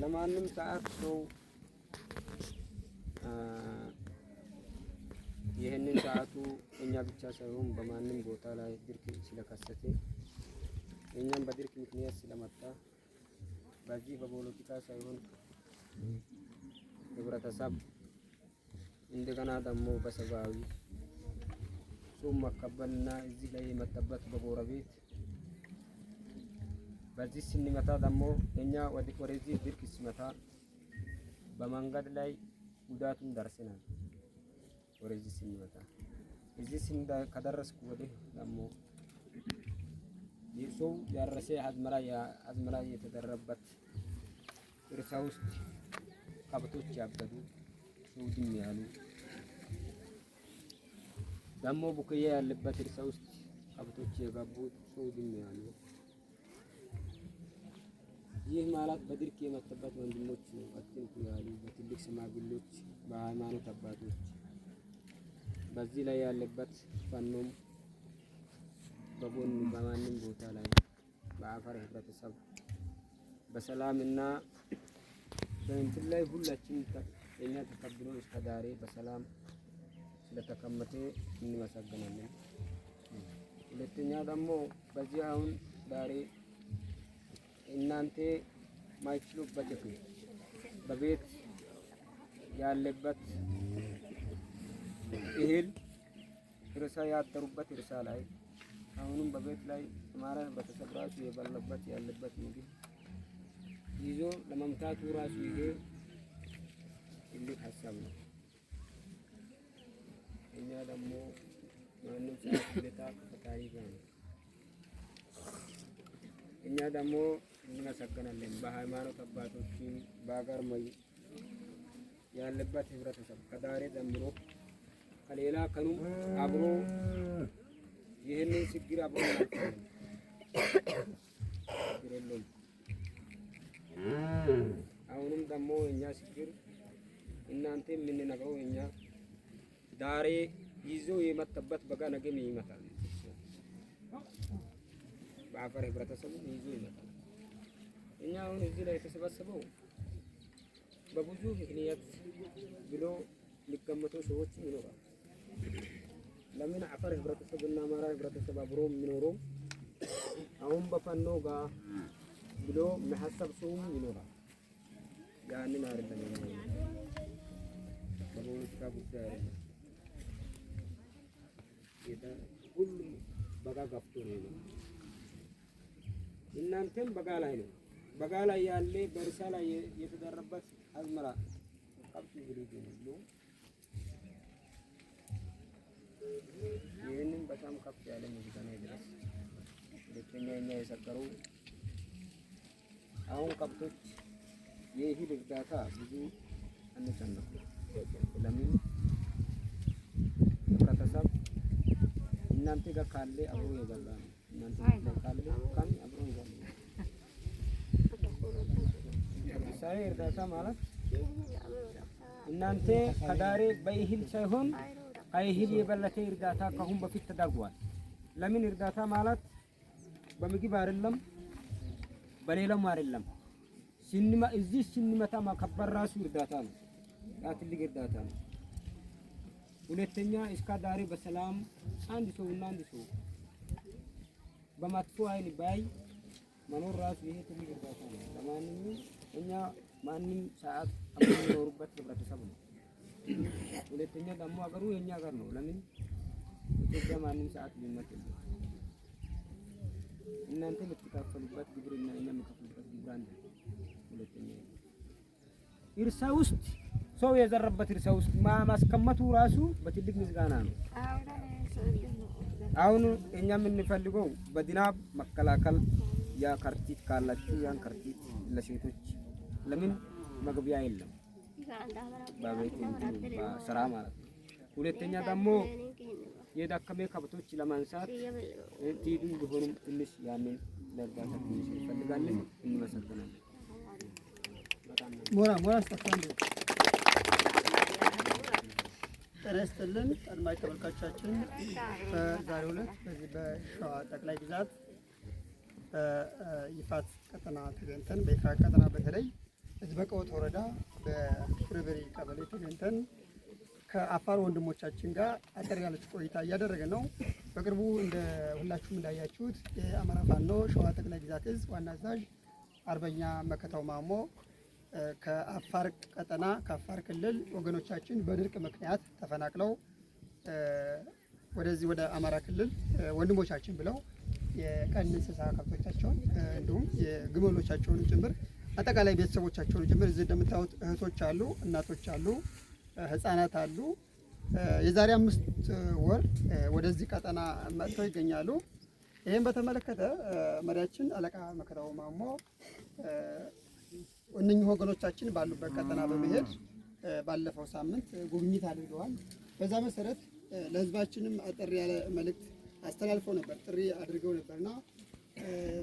ለማንም ሰዓት ሰው ይህንን ሰዓቱ እኛ ብቻ ሳይሆን በማንም ቦታ ላይ ድርቅ ስለከሰተ እኛም በድርቅ ምክንያት ስለመጣ በዚህ በፖለቲካ ሳይሆን ህብረተሰብ እንደገና ደግሞ በሰብአዊ ሱም መከበልና እዚህ ላይ የመጠበቅ በጎረቤት በዚህ ስንመታ ደግሞ እኛ ወደዚህ ብርቅ ሲመታ በመንገድ ላይ ጉዳቱን ደርሰናል። ወደዚህ ስንመታ እዚህ ከደረስኩ ወዲህ ደግሞ ሰው ያረሰ አዝመራ አዝመራ የተደረበት እርሻ ውስጥ ከብቶች ያበዱ ሰው ያሉ ደግሞ ቡክያ ያለበት እርሻ ውስጥ ከብቶች የገቡ ሰው ያሉ ይህ ማለት በድርቅ የመጣበት ወንድሞች አትንኩ ያሉ በትልቅ ሽማግሌዎች፣ በሃይማኖት አባቶች በዚህ ላይ ያለበት ፈኖም በጎን በማንም ቦታ ላይ በአፈር ህብረተሰብ በሰላም እና በእንትን ላይ ሁላችን እኛ ተቀብሎ እስከ በሰላም ስለተቀመጠ እንመሰግናለን። ሁለተኛ ደግሞ በዚህ አሁን ዛሬ እናንተ ማይችሉበት በቤት ያለበት እህል እርሻ ያጠሩበት እርሳ ላይ አሁንም በቤት ላይ ማረን በተሰብራችሁ የበለበት ያለበት ምግብ ይዞ ለመምታቱ ራሱ ይሄ ትልቅ ሀሳብ ነው። እኛ ደግሞ ማንም ሰዓት ሁኔታ ፈጣሪ ነው። እኛ ደግሞ በሃይማኖት አባቶችም በአገር መሪ ያለበት ህብረተሰብ ከዛሬ ጀምሮ ከሌላ ቀኑም አብሮ ይህንን ችግር አብሮ የለም። አሁንም ደግሞ እኛ ችግር እናንተ የምንነግረው እኛ ዛሬ ይዞ የመጣበት በጋ ነገም ይመጣል። በአፈር ህብረተሰቡ ይዞ ይመጣል። እኛ አሁን እዚህ ላይ የተሰባሰበው በብዙ ምክንያት ብሎ ሊቀመጡ ሰዎች ይኖራል። ለምን አፋር ህብረተሰብ እና አማራ ህብረተሰብ አብሮ የሚኖረው አሁን በፋኖ ጋር ብሎ መሐሰብ ሰውም ይኖራል። ያንን አይደለም በፖለቲካ ጉዳይ አይደለም። ሁሉም በጋ ገብቶ ነው። እናንተም በጋ ላይ ነው በጋ ላይ ያለ በእርሻ ላይ የተዘራበት አዝመራ ቀብት ግሪድ ሁሉ ይህንን በጣም ከፍ ያለ ሙዚቃና ይድረስ። ሁለተኛ እኛ የሰከሩ አሁን ከብቶች የእህል እርዳታ ብዙ አንጨነቁ። ለምን ህብረተሰብ እናንተ ጋር ካለ አብሮ የበላ ነው። እናንተ ጋር ካለ አብሮ ይበላ ዛሬ እርዳታ ማለት እናንተ ከዳሬ በይህል ሳይሆን ከይህል የበለተ እርዳታ ከአሁን በፊት ተደርጓል። ለምን እርዳታ ማለት በምግብ አይደለም፣ በሌላም አይደለም። ሲኒማ እዚህ ሲኒመታ ማከበር ራሱ እርዳታ ነው። ያ ትልቅ እርዳታ ነው። ሁለተኛ እስከ ዳሬ በሰላም አንድ ሰው እና አንድ ሰው በመጥፎ አይን ባይ መኖር ራሱ ይሄ ትልቅ እርዳታ ነው። ለማንኛውም እኛ ማንም ሰዓት የሚኖሩበት ህብረተሰብ ነው። ሁለተኛ ደግሞ ሀገሩ የኛ ሀገር ነው። ለምን ኢትዮጵያ ማንም ሰዓት ሊመት እናንተ የምትካፈሉበት ግብርና እኛ የምከፍሉበት ግብር አንድ። ሁለተኛ እርሻ ውስጥ ሰው የዘረበት እርሻ ውስጥ ማስቀመጡ ራሱ በትልቅ ምስጋና ነው። አሁን እኛ የምንፈልገው በድናብ መከላከል ያ ከርቲት ካላችሁ ያን ከርቲት ለሴቶች ለምን መግቢያ የለም በቤት ስራ ማለት ነው። ሁለተኛ ደግሞ የዳከመ ከብቶች ለማንሳት ቲዱ ቢሆኑም ትንሽ ያንን ለእርዳታ ትንሽ እንፈልጋለን። እንመሰግናለን። ሞራ ሞራ ስጠፋን ጤና ይስጥልን አድማጭ በዛሬው ዕለት በዚህ በሸዋ ጠቅላይ ግዛት በይፋት ቀጠና ተገኝተን በይፋት ቀጠና በተለይ ሕዝበ ቀወት ወረዳ በፍሪፍሪ ቀበሌ ተገኝተን ከአፋር ወንድሞቻችን ጋር አጠር ያለች ቆይታ እያደረገ ነው። በቅርቡ እንደ ሁላችሁም እንዳያችሁት የአማራ ፋኖ ሸዋ ጠቅላይ ግዛት እዝ ዋና አዛዥ አርበኛ መከታው ማሞ ከአፋር ቀጠና ከአፋር ክልል ወገኖቻችን በድርቅ ምክንያት ተፈናቅለው ወደዚህ ወደ አማራ ክልል ወንድሞቻችን ብለው የቀን እንስሳ ከብቶቻቸውን እንዲሁም የግመሎቻቸውን ጭምር አጠቃላይ ቤተሰቦቻቸውን ጭምር እዚህ እንደምታዩት እህቶች አሉ፣ እናቶች አሉ፣ ህጻናት አሉ። የዛሬ አምስት ወር ወደዚህ ቀጠና መጥተው ይገኛሉ። ይህም በተመለከተ መሪያችን አለቃ መከራው ማሞ እነኚህ ወገኖቻችን ባሉበት ቀጠና በመሄድ ባለፈው ሳምንት ጉብኝት አድርገዋል። በዛ መሰረት ለህዝባችንም አጠር ያለ መልእክት አስተላልፈው ነበር፣ ጥሪ አድርገው ነበርና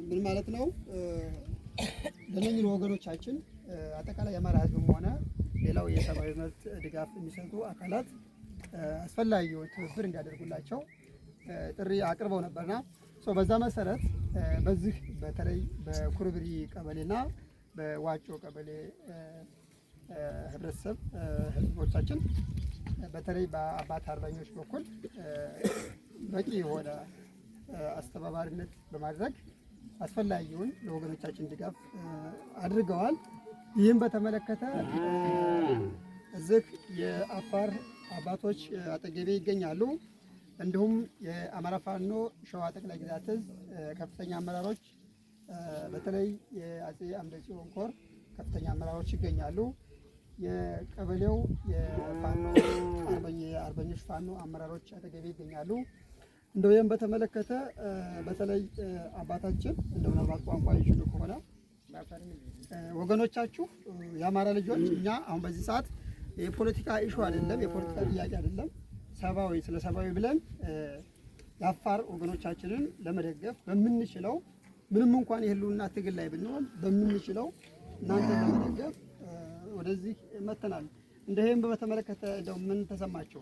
ምን ማለት ነው ለነኚህ ወገኖቻችን አጠቃላይ የአማራ ሕዝብም ሆነ ሌላው የሰብአዊ መብት ድጋፍ የሚሰጡ አካላት አስፈላጊውን ትብብር እንዲያደርጉላቸው ጥሪ አቅርበው ነበርና በዛ መሰረት በዚህ በተለይ በኩርብሪ ቀበሌና በዋጮ ቀበሌ ህብረተሰብ ህዝቦቻችን በተለይ በአባት አርበኞች በኩል በቂ የሆነ አስተባባሪነት በማድረግ አስፈላጊውን ለወገኖቻችን ድጋፍ አድርገዋል። ይህም በተመለከተ እዚህ የአፋር አባቶች አጠገቤ ይገኛሉ። እንዲሁም የአማራ ፋኖ ሸዋ ጠቅላይ ግዛት እዝ ከፍተኛ አመራሮች በተለይ የአጼ አምደ ጽዮን ኮር ከፍተኛ አመራሮች ይገኛሉ። የቀበሌው የፋኖ አርበኞች ፋኖ አመራሮች አጠገቤ ይገኛሉ። እንደው ይህም በተመለከተ በተለይ አባታችን እንደው ምናልባት ቋንቋ ይችሉ ከሆነ ወገኖቻችሁ የአማራ ልጆች እኛ አሁን በዚህ ሰዓት የፖለቲካ ኢሹ አይደለም፣ የፖለቲካ ጥያቄ አይደለም። ሰብአዊ ስለ ሰብአዊ ብለን የአፋር ወገኖቻችንን ለመደገፍ በምንችለው ምንም እንኳን የህልውና ትግል ላይ ብንሆን በምንችለው እናንተ ለመደገፍ ወደዚህ መተናል። እንደይህም በተመለከተ እንደው ምን ተሰማችሁ?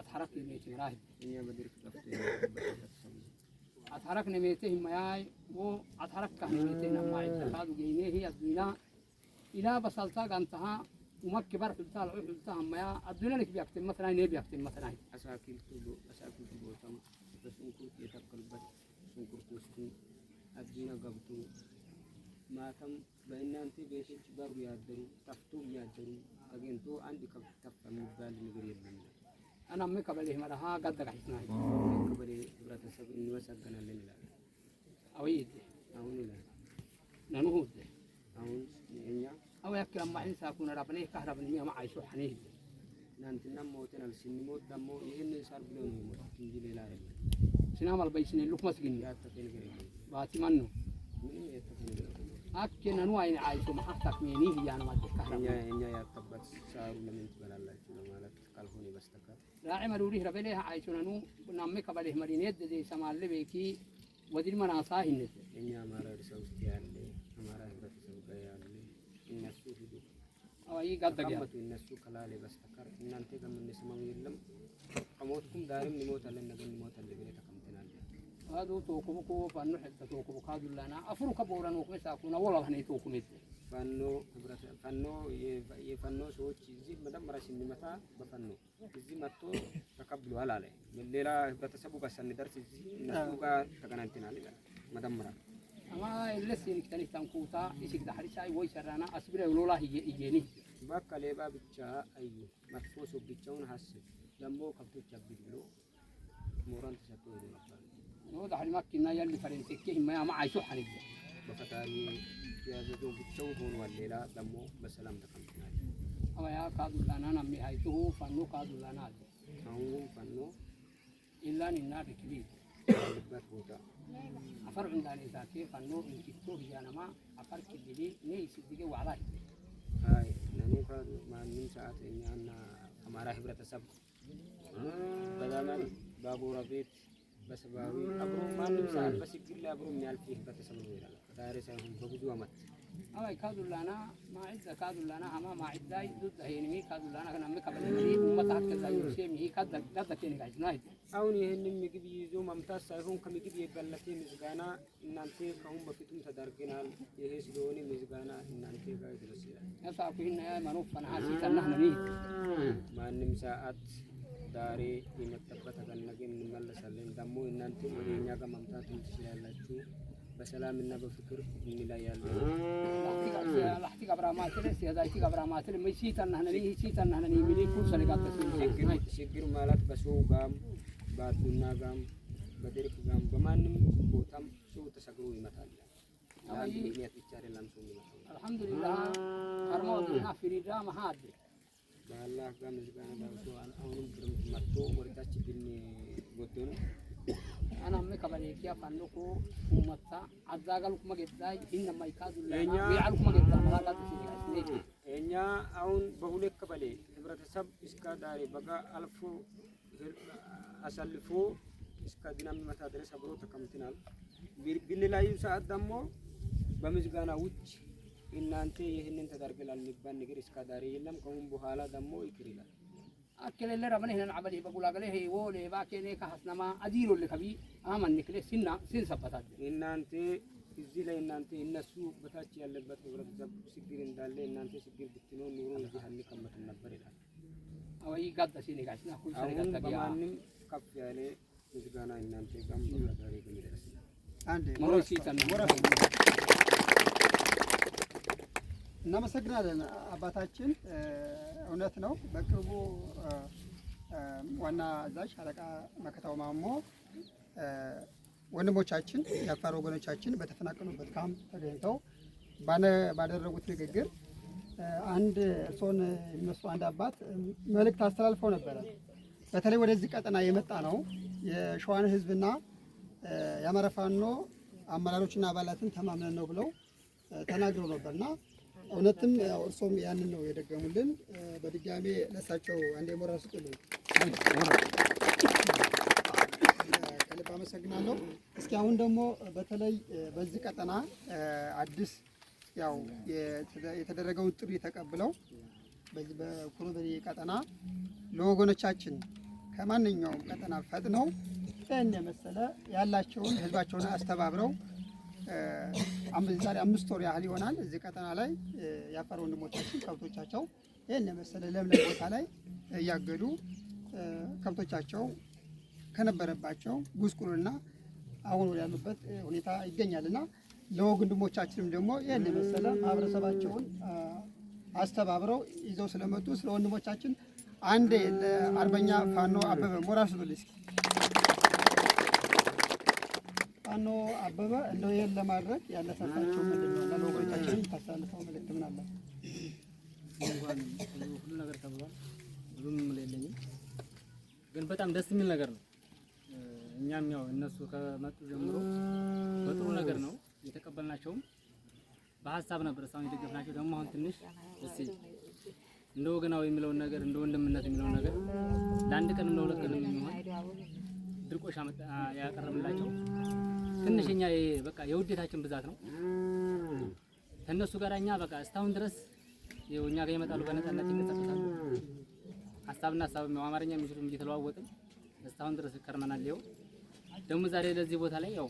አታረክ ነሜቴ ራይ አታረክ ነሜቴ ህማያይ ወ አታረክ ካህነቴ ነማይ ተካዱ ገይኔ ሂ አዱና ኢላ በሳልታ ጋንታሃ ومك كبار حلتا لو حلتا هم يا الدنيا لك بيكت مثلا ني بيكت مثلا اساكيل كله اساكيل كله تم بس انكم يتقلب بس انكم تسكن الدنيا قبتو ما تم بين انت بيش بار يادرو تفتو يادرو اجنتو عندك تفتو مبال نغير يمنا አናም ቀበሌ ህመራ ጋር አዘጋጅተና ቀበሌ ህብረተሰብ እንመሰገናለን ይላል። አዊ አሁን ይላል ነኑሁ አሁን እኛ አው ያክ አማህን ሳኩን ረብኔ ካህረብን ሚያ ማይሹ ሐኔ ትናንትና ሞተናል። ስንሞት ደግሞ ይህንን ሳር ብሎ ነው ሞት እንጂ ሌላ አይደለም። ስናም አልበይስኔ ሉክ መስግን ባቲማን ነው ምንም የተፈነገረ አክነኑ አይን ማሐታክ ሜኒ ያን ማደካ እኛ ያከበት ሳሩ ለምን ትበላላችሁ ለማለት ካልሆነ በስተቀር ዳዕመ ዱሪህ ረበሌህ አይሱነኑ ናሜ ከበሌህ መዲኔት ዘሰማለ ቤኪ ወዲድ መናሳ ሂነት እኛ አማራ ርሰ ውስጥ ያለ አማራ ህብረተሰብ ጋር ያለ እነሱ ሂዱ አዋይ ጋጠቀመቱ እነሱ ከላሌ በስተቀር እናንተ ከምንሰማው የለም። ከሞትኩም ዳርም እንሞታለን፣ ነገ እንሞታለን ብለህ ተቀምጠናል። አዶ ቶኩብኩ ፋኑ ሕጠ ቶኩብካ ዱላና አፍሩ ከቦረን ወኩሜ ሳኩና ወላ ሀኔ ቶኩሜት ፋኖ ህብረት ፋኖ የፋኖ ሰዎች እዚህ መጀመሪያ ስንመታ በፋኖ እዚህ መጥቶ ተቀብሏል አለ። ሌላ ህብረተሰቡ ጋር ሳንደርስ እዚህ እነሱ ጋር ተገናኝተናል ይላል። መጀመሪያ ታንኩታ ሰራና ይየኒ በቃ ሌባ ብቻ አዩ መጥፎ ሰው ብቻውን ሀስብ ደግሞ ከብቶች አብድ ብሎ ሞራን ተሰጥቶ ይላል ነው ሐሪብ በፈጣሪ ያዘዘው ብቻው ሆኗል። ሌላ ደግሞ በሰላም ተቀምጠናል። አባያ ካዱላና ናሚ አይቱ ፋኖ ካዱላና አለ አሁን ፋኖ ኢላን እና ቢክሊ ያለበት ቦታ አፈር እንዳኔ ዛቴ ፋኖ እንኪቶ ብያነማ አፈር ክልሌ ኔ ስድጌ ዋዕላት አይ ለኔ ማንም ሰዓት እኛና አማራ ህብረተሰብ በዘመን ቤት በሰብአዊ አብሮ ማንም ሰዓት በችግር ላይ አብሮ የሚያልፍ ህብረተሰብ ነው ይላል። ዛሬ ሳይሆን በብዙ ዓመት አይ ካዱላና ማዕዘ ካዱላና አማ ማዕዛ ይዙት አይኒ ካዱላና ከና መከበለ ወጣት ከዛዩ ሲም ይሄ ካዳ ካዳ ከነጋጅ ነው አሁን ይሄንን ምግብ ይዞ መምታት ሳይሆን ከምግብ የበለጠ ምዝጋና እናንተ ከአሁን በፊትም ተደርገናል። ይሄ ስለሆነ ምስጋና እናንተ ጋር ድረስ ይላል። ያሳኩህና ያ ማኖፍ ፈናሲ ተናህነ ነው ማንም ሰዓት ዛሬ የመጣበት ተገነገ እንመለሳለን። ደግሞ እናንተ ወደ እኛ ጋር መምታት ትችላላችሁ። በሰላምና በፍቅር እንለያለን። ችግር ማለት በሰው ጋም በአዱና ጋም በድርቅ ጋም በማንም ቦታም ሰው ተሰግሮ ይመጣል። ምክንያት ብቻ አይደለም ሰው ይመጣል። አልሐምዱሊላህ ከርሞ ፍሪዳ መሀድ በአላህ ጋር ምስጋና አሁንም ክረምት መጥቶ ወደታች ግን ጎደኑ anamme kabareekiya fanno koo uummata azaagalu kuma geddaa innama ikaazullaalkuma geddaa maraalaatu እኛ አሁን በሁለት ቀበሌ ህብረተሰብ እስከ ዳሬ በጋ አልፎ አሳልፎ እስከ ዲናሚ መታ ድረስ አብሮ ተቀምጥናል። ብንለያዩ ሰዓት ደግሞ በምዝጋና ውጭ እናንተ ይህንን ተደርግላል የሚባል ነገር እስከ ዳሬ የለም። ከሁን በኋላ ደግሞ ይቅር ይላል። akkelele rabane hinan abali bagulagale he wo le ba kene ka hasnama adiro le kabi aman nikle sinna sin sabatat innante እዚህ ላይ እናንተ እነሱ በታች ያለበት ህብረተሰብ ችግር እንዳለ እናንተ ችግር ብትኖር ኑሮ እዚህ አንቀመጥም ነበር ይላል። አወይ ጋዳሲ ነጋሽ ነው። አሁን በማንም ከፍ ያለ ምስጋና እናንተ ጋም ዛሬ ገሚደርስ አንዴ ሞራሲ ተን ሞራሲ እናመሰግናለን አባታችን እውነት ነው። በቅርቡ ዋና አዛዥ አለቃ መከታው ማሞ ወንድሞቻችን የአፋር ወገኖቻችን በተፈናቀሉበት ካምፕ ተገኝተው ባደረጉት ንግግር አንድ እርስዎን የሚመስሉ አንድ አባት መልእክት አስተላልፈው ነበረ። በተለይ ወደዚህ ቀጠና የመጣ ነው የሸዋን ሕዝብና የአማራ ፋኖ አመራሮችና አባላትን ተማምነን ነው ብለው ተናግረው ነበርና እውነትም እርሶም ያንን ነው የደገሙልን። በድጋሜ ለሳቸው አንዴ ሞራል ስጡልን። ከልብ አመሰግናለሁ። እስኪ አሁን ደግሞ በተለይ በዚህ ቀጠና አዲስ ያው የተደረገውን ጥሪ ተቀብለው በዚህ በኩሩበሪ ቀጠና ለወገኖቻችን ከማንኛውም ቀጠና ፈጥነው ይህን የመሰለ ያላቸውን ህዝባቸውን አስተባብረው ዛሬ አምስት ወር ያህል ይሆናል እዚህ ቀጠና ላይ የአፋር ወንድሞቻችን ከብቶቻቸው ይህን የመሰለ ለምለም ቦታ ላይ እያገዱ ከብቶቻቸው ከነበረባቸው ጉስቁልና አሁን ያሉበት ሁኔታ ይገኛልና ለወግ ለወንድሞቻችንም ደግሞ ይህን የመሰለ ማህበረሰባቸውን አስተባብረው ይዘው ስለመጡ ስለ ወንድሞቻችን አንዴ ለአርበኛ ፋኖ አበበ ሞራሱ ብልስኪ ፋኖ አበበ እንደው ይሄን ለማድረግ ያነሳሳቸው ምንድን ነው? ለሎጎቻችን የምታሳልፈው መልእክት ምን አለ? እንኳን ሁሉ ነገር ተብሏል። ብዙም የለኝም፣ ግን በጣም ደስ የሚል ነገር ነው። እኛም ያው እነሱ ከመጡ ጀምሮ በጥሩ ነገር ነው የተቀበልናቸውም። በሀሳብ ነበር እስካሁን የደገፍናቸው። ደግሞ አሁን ትንሽ ደስ እንደ ወገናዊ የሚለውን ነገር እንደ ወንድምነት የሚለውን ነገር ለአንድ ቀን እንደ ሁለት ቀን የሚሆን ድርቆሽ ያቀረብላቸው ትንሽኛ በቃ የውዴታችን ብዛት ነው። ከእነሱ ጋር እኛ በቃ እስካሁን ድረስ እኛ ጋር ይመጣሉ፣ በነፃነት ይንቀሳቀሳሉ። ሀሳብና ሀሳብ አማርኛ የሚችሉም እየተለዋወጥን እስካሁን ድረስ ከርመናል። ይኸው ደግሞ ዛሬ ለዚህ ቦታ ላይ ያው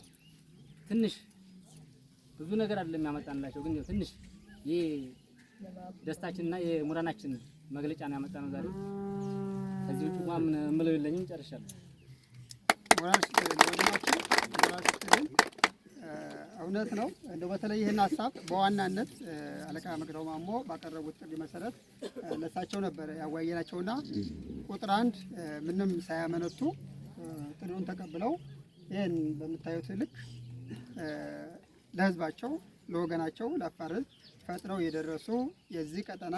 ትንሽ ብዙ ነገር አይደለም ያመጣንላቸው፣ ግን ያው ትንሽ ይሄ ደስታችንና የሙራናችን መግለጫ ነው ያመጣነው ዛሬ። ከዚህ ውጭ እንኳን ምለው የለኝም። ጨርሻለሁ። እውነት ነው። እንደው በተለይ ይህን ሀሳብ በዋናነት አለቃ መቅደው ማሞ ባቀረቡት ጥሪ መሰረት ለሳቸው ነበረ ያዋየናቸውና ቁጥር አንድ ምንም ሳያመነቱ ጥሪውን ተቀብለው ይህን በምታዩት ልክ ለህዝባቸው ለወገናቸው ለአፋር ህዝብ ፈጥረው የደረሱ የዚህ ቀጠና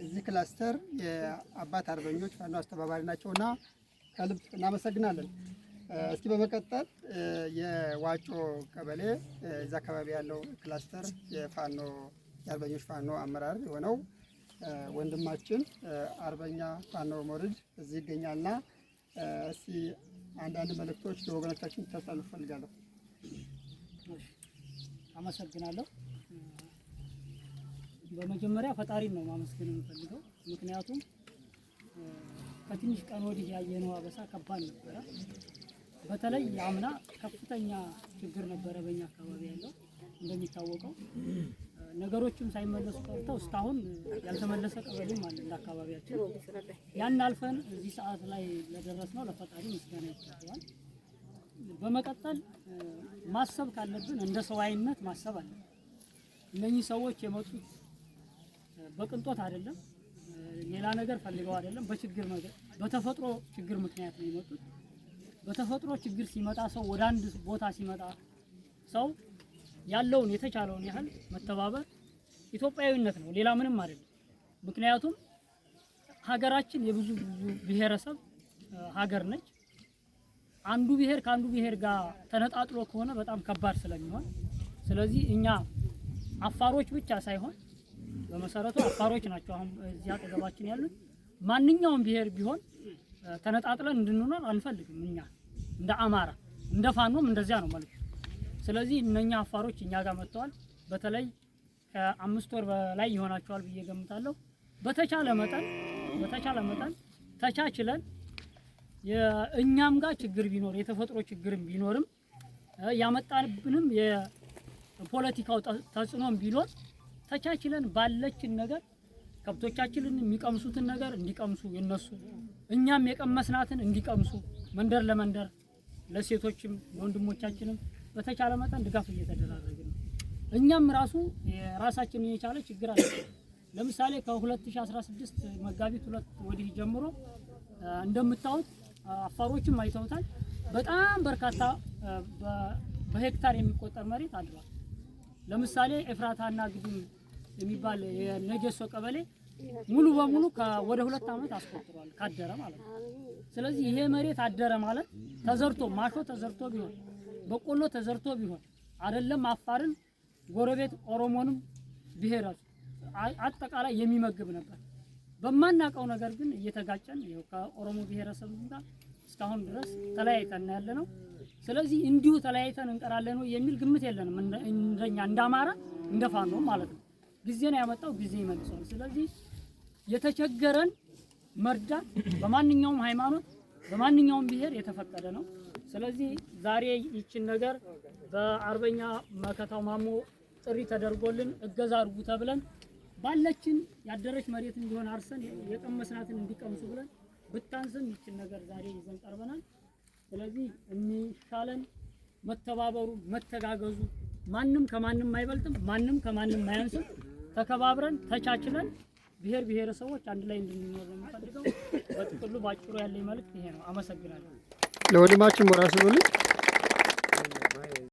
የዚህ ክላስተር የአባት አርበኞች ፋኖ አስተባባሪ ናቸውና ከልብ እናመሰግናለን። እስኪ በመቀጠል የዋጮ ቀበሌ እዚ አካባቢ ያለው ክላስተር የፋኖ የአርበኞች ፋኖ አመራር የሆነው ወንድማችን አርበኛ ፋኖ ሞርድ እዚህ ይገኛልና እስቲ አንዳንድ መልእክቶች ለወገኖቻችን ተሳልፍ ፈልጋለሁ። አመሰግናለሁ። በመጀመሪያ ፈጣሪ ነው ማመስገን የምፈልገው። ምክንያቱም ከትንሽ ቀን ወዲህ ያየነው አበሳ ከባድ ነበረ። በተለይ አምና ከፍተኛ ችግር ነበረ በእኛ አካባቢ ያለው እንደሚታወቀው ነገሮችም ሳይመለሱ ቀርተው እስካሁን ያልተመለሰ ቀበሌም አለ እንደ አካባቢያችን። ያን አልፈን እዚህ ሰዓት ላይ ነው ለፈጣሪ ምስጋና ይገባዋል። በመቀጠል ማሰብ ካለብን እንደ ሰዋይነት ማሰብ አለ። እነኚህ ሰዎች የመጡት በቅንጦት አይደለም፣ ሌላ ነገር ፈልገው አይደለም፣ በችግር ነገር በተፈጥሮ ችግር ምክንያት ነው የመጡት። በተፈጥሮ ችግር ሲመጣ ሰው ወደ አንድ ቦታ ሲመጣ ሰው ያለውን የተቻለውን ያህል መተባበር ኢትዮጵያዊነት ነው፣ ሌላ ምንም አይደለም። ምክንያቱም ሀገራችን የብዙ ብዙ ብሔረሰብ ሀገር ነች። አንዱ ብሔር ከአንዱ ብሔር ጋር ተነጣጥሎ ከሆነ በጣም ከባድ ስለሚሆን ስለዚህ እኛ አፋሮች ብቻ ሳይሆን በመሰረቱ አፋሮች ናቸው አሁን እዚህ አጠገባችን ያሉት ማንኛውም ብሔር ቢሆን ተነጣጥለን እንድንኖር አንፈልግም። እኛ እንደ አማራ እንደ ፋኖም እንደዚያ ነው መልኩ። ስለዚህ እነኛ አፋሮች እኛ ጋር መጥተዋል። በተለይ ከአምስት ወር በላይ ይሆናቸዋል ብዬ ገምታለሁ። በተቻለ መጠን በተቻለ መጠን ተቻችለን እኛም ጋር ችግር ቢኖር የተፈጥሮ ችግርም ቢኖርም ያመጣብንም የፖለቲካው ተጽዕኖም ቢኖር ተቻችለን ባለችን ነገር ከብቶቻችንን የሚቀምሱትን ነገር እንዲቀምሱ የነሱ እኛም የቀመስናትን እንዲቀምሱ መንደር ለመንደር ለሴቶችም ለወንድሞቻችንም በተቻለ መጠን ድጋፍ እየተደራረግ ነው። እኛም ራሱ የራሳችን የቻለ ችግር አለ። ለምሳሌ ከ2016 መጋቢት ሁለት ወዲህ ጀምሮ እንደምታዩት አፋሮችም አይተውታል። በጣም በርካታ በሄክታር የሚቆጠር መሬት አድሯል። ለምሳሌ ኤፍራታና ግድም የሚባል የነጀሶ ቀበሌ ሙሉ በሙሉ ወደ ሁለት ዓመት አስቆጥሯል ካደረ ማለት ነው። ስለዚህ ይሄ መሬት አደረ ማለት ተዘርቶ ማሾ ተዘርቶ ቢሆን በቆሎ ተዘርቶ ቢሆን አይደለም አፋርን ጎረቤት ኦሮሞንም ብሔራቱ አጠቃላይ የሚመግብ ነበር። በማናውቀው ነገር ግን እየተጋጨን ይኸው ከኦሮሞ ብሔረሰብ ጋር እስካሁን ድረስ ተለያይተን ያለ ነው። ስለዚህ እንዲሁ ተለያይተን እንቀራለን ነው የሚል ግምት የለንም። እንደኛ እንዳማራ እንደፋኖ ማለት ነው። ጊዜ ነው ያመጣው፣ ጊዜ ይመልሰዋል። ስለዚህ የተቸገረን መርዳት በማንኛውም ሃይማኖት በማንኛውም ብሔር የተፈቀደ ነው። ስለዚህ ዛሬ ይችን ነገር በአርበኛ መከታው ማሞ ጥሪ ተደርጎልን እገዛ አድርጉ ተብለን ባለችን ያደረች መሬት እንዲሆን አርሰን የቀመስናትን እንዲቀምሱ ብለን ብታንስም ይችን ነገር ዛሬ ይዘን ቀርበናል። ስለዚህ የሚሻለን መተባበሩ፣ መተጋገዙ ማንም ከማንም አይበልጥም፣ ማንም ከማንም አያንስም። ተከባብረን ተቻችለን ብሔር ብሔረሰቦች አንድ ላይ እንድንኖር ነው የምፈልገው። በጥቅሉ በአጭሩ ያለኝ ይሄ ነው። አመሰግናለሁ። ለወንድማችን ሞራስ